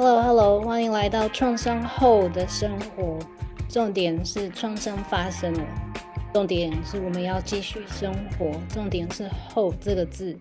Hello, Hello，歡迎來到創傷後的生活。重點是創傷發生了，重點是我們要繼續生活，重點是“後”這個字。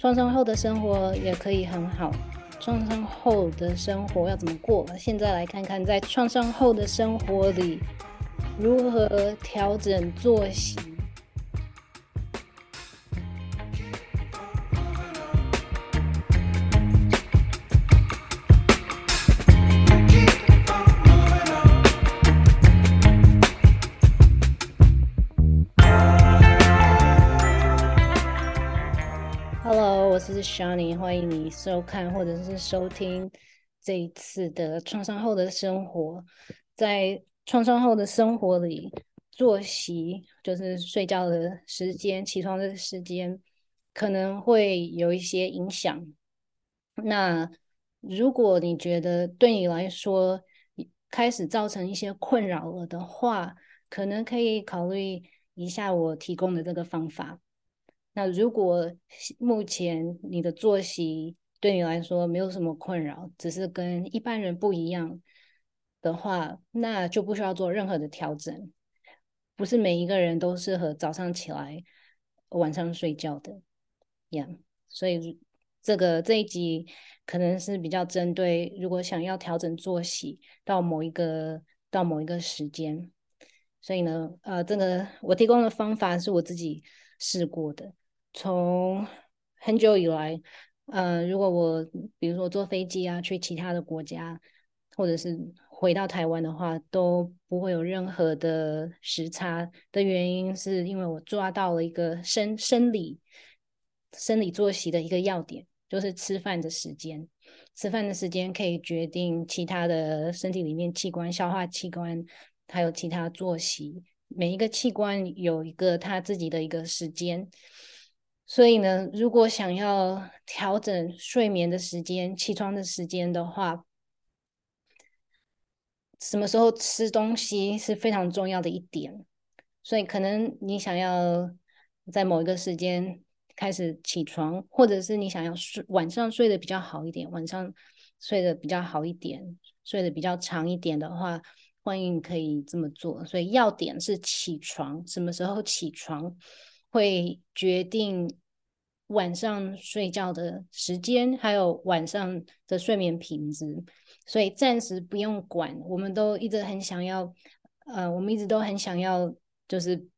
創傷後的生活也可以很好。創傷後的生活要怎麼過？現在來看看，在創傷後的生活裡，如何調整作息。這是 Shani，歡迎你收看或者是收聽這一次的創傷後的生活。在創傷後的生活裡，作息就是睡覺的時間、起床的時間，可能會有一些影響。那如果你覺得對你來說開始造成一些困擾了的話，可能可以考慮一下我提供的這個方法。那如果目前你的作息對你來說沒有什麼困擾，只是跟一般人不一樣的話，那就不需要做任何的調整。不是每一個人都適合早上起來、晚上睡覺的。呀、Yeah，所以這個這一集可能是比較針對，如果想要調整作息到某一個到某一個時間，所以呢，呃，這個我提供的方法是我自己試過的。從很久以來，呃，如果我比如說坐飛機啊，去其他的國家，或者是回到台灣的話，都不會有任何的時差的原因，是因為我抓到了一個生生理生理作息的一個要點，就是吃飯的時間。吃飯的時間可以決定其他的身體裡面器官、消化器官，還有其他作息。每一個器官有一個它自己的一個時間。所以呢，如果想要調整睡眠的時間、起床的時間的話，什麼時候吃東西是非常重要的一點。所以，可能你想要在某一個時間開始起床，或者是你想要睡晚上睡得比較好一點，晚上睡得比較好一點，睡得比較長一點的話，歡迎你可以這麼做。所以，要點是起床，什麼時候起床？會決定晚上睡覺的時間，還有晚上的睡眠品質，所以暫時不用管。我們都一直很想要，呃，我們一直都很想要，就是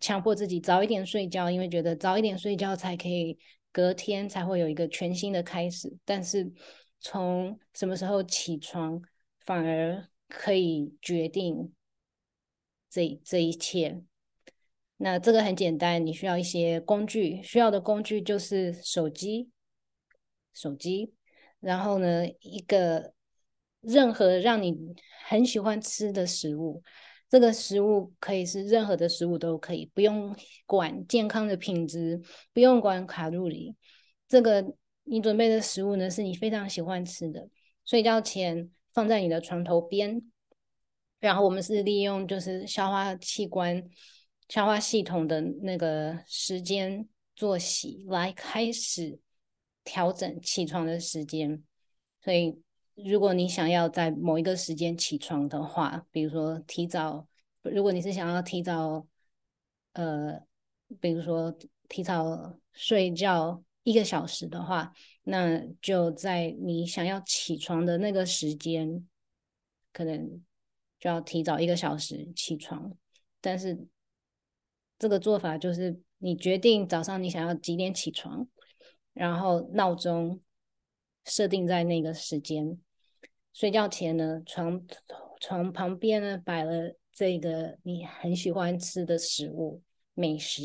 強迫自己早一點睡覺，因為覺得早一點睡覺才可以隔天才會有一個全新的開始。但是從什麼時候起床，反而可以決定這，這一切。那這個很簡單，你需要一些工具，需要的工具就是手機，手機，然後呢，一個任何讓你很喜歡吃的食物，這個食物可以是任何的食物都可以，不用管健康的品質，不用管卡路里，這個你準備的食物呢是你非常喜歡吃的，睡覺前放在你的床頭邊，然後我們是利用就是消化器官。消化系統的那個時間作息來開始調整起床的時間，所以如果你想要在某一個時間起床的話，比如說提早，如果你是想要提早，呃，比如說提早睡覺一個小時的話，那就在你想要起床的那個時間，可能就要提早一個小時起床，但是。這個做法就是你決定早上你想要幾點起床，然後鬧鐘設定在那個時間。睡覺前呢，床床旁邊呢，擺了這個你很喜歡吃的食物，美食，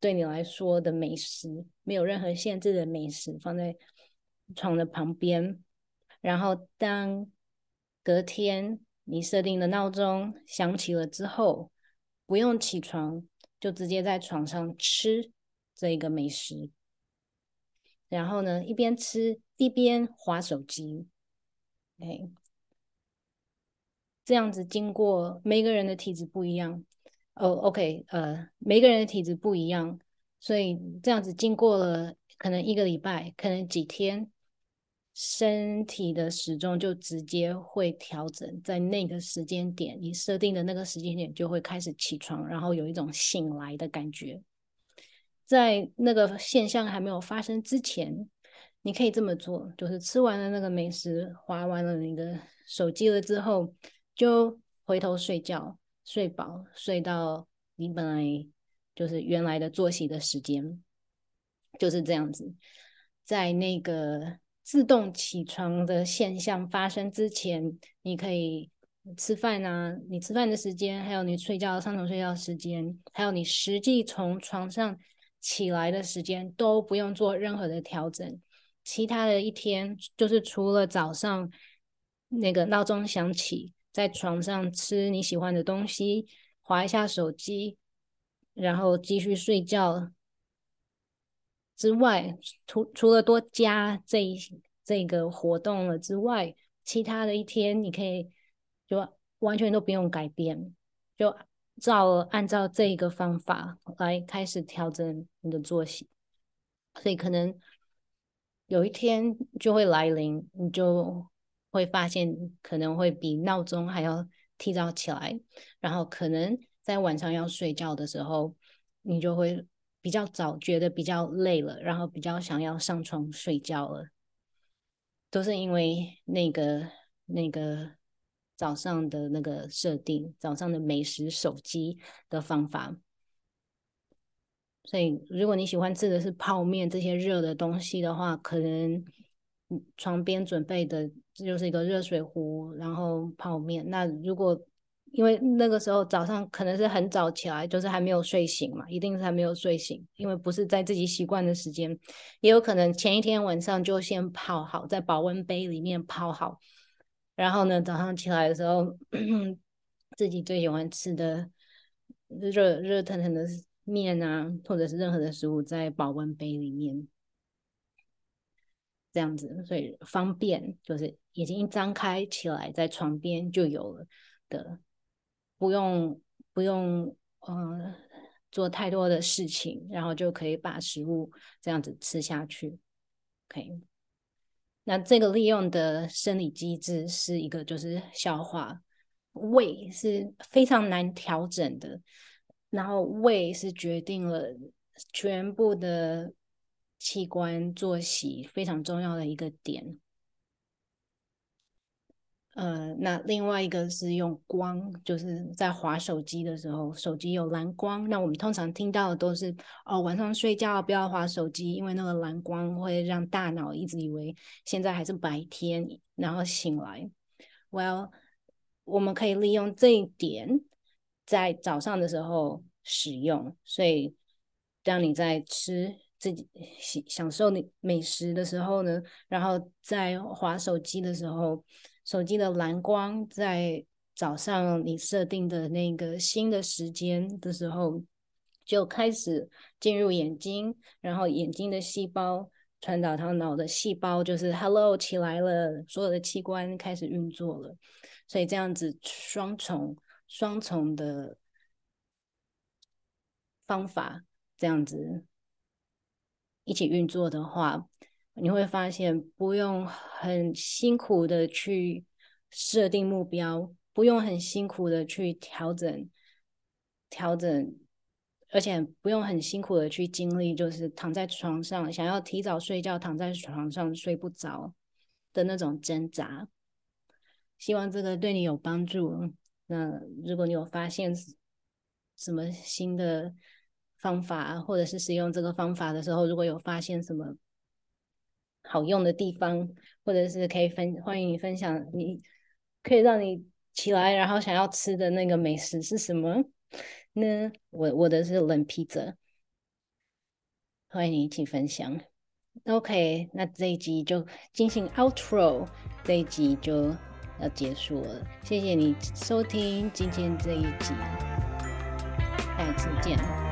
對你來說的美食，沒有任何限制的美食放在床的旁邊。然後當隔天你設定的鬧鐘響起了之後，不用起床。就直接在床上吃這個美食，然後呢，一邊吃一邊滑手機，哎，okay，這樣子經過每個人的體質不一樣，哦，oh，OK，呃，uh，每個人的體質不一樣，所以這樣子經過了可能一個禮拜，可能幾天。身體的時鐘就直接會調整在那個時間點，你設定的那個時間點就會開始起床，然後有一種醒來的感覺。在那個現象還沒有發生之前，你可以這麼做：就是吃完了那個美食，滑完了你的手機了之後，就回頭睡覺，睡飽，睡到你本來就是原來的作息的時間，就是這樣子。在那個。自動起床的現象發生之前，你可以吃飯啊，你吃飯的時間，還有你睡覺上床睡覺時間，還有你實際從床上起來的時間都不用做任何的調整。其他的一天，就是除了早上那個鬧鐘響起，在床上吃你喜歡的東西，滑一下手機，然後繼續睡覺。之外，除除了多加這一這個活動了之外，其他的一天你可以就完全都不用改變，就照按照這個方法來開始調整你的作息，所以可能有一天就會來臨，你就會發現可能會比鬧鐘還要提早起來，然後可能在晚上要睡覺的時候，你就會。比較早覺得比較累了，然後比較想要上床睡覺了，都是因為那個那個早上的那個設定，早上的美食手機的方法。所以，如果你喜歡吃的是泡麵這些熱的東西的話，可能床邊準備的這就是一個熱水壺，然後泡麵。那如果因為那個時候早上可能是很早起來，就是還沒有睡醒嘛，一定是還沒有睡醒，因為不是在自己習慣的時間，也有可能前一天晚上就先泡好，在保溫杯裡面泡好，然後呢，早上起來的時候，咳咳，自己最喜歡吃的熱熱騰騰的麵啊，或者是任何的食物在保溫杯裡面，這樣子，所以方便，就是眼睛一張開起來，在床邊就有了的。對。不用不用，嗯、呃，做太多的事情，然後就可以把食物這樣子吃下去。OK，那這個利用的生理機制是一個，就是消化，胃是非常難調整的，然後胃是決定了全部的器官作息非常重要的一個點。呃，那另外一個是用光，就是在滑手機的時候，手機有藍光。那我們通常聽到的都是哦，晚上睡覺不要滑手機，因為那個藍光會讓大腦一直以為現在還是白天，然後醒來。Well，我們可以利用這一點，在早上的時候使用，所以當你在吃自己享享受你美食的時候呢，然後在滑手機的時候。手機的藍光在早上你設定的那個新的時間的時候，就開始進入眼睛，然後眼睛的細胞傳導到腦的細胞，就是 “hello” 起來了，所有的器官開始運作了。所以這樣子雙重雙重的方法，這樣子一起運作的話。你會發現不用很辛苦的去設定目標，不用很辛苦的去調整調整，而且不用很辛苦的去經歷，就是躺在床上想要提早睡覺，躺在床上睡不着的那種掙扎。希望這個對你有幫助。那如果你有發現什麼新的方法，或者是使用這個方法的時候，如果有發現什麼。好用的地方，或者是可以分，歡迎你分享，你可以讓你起來然後想要吃的那個美食是什麼呢？我我的是冷披薩，歡迎你一起分享。OK，那這一集就進行 outro，這一集就要結束了，謝謝你收聽今天這一集，下次見。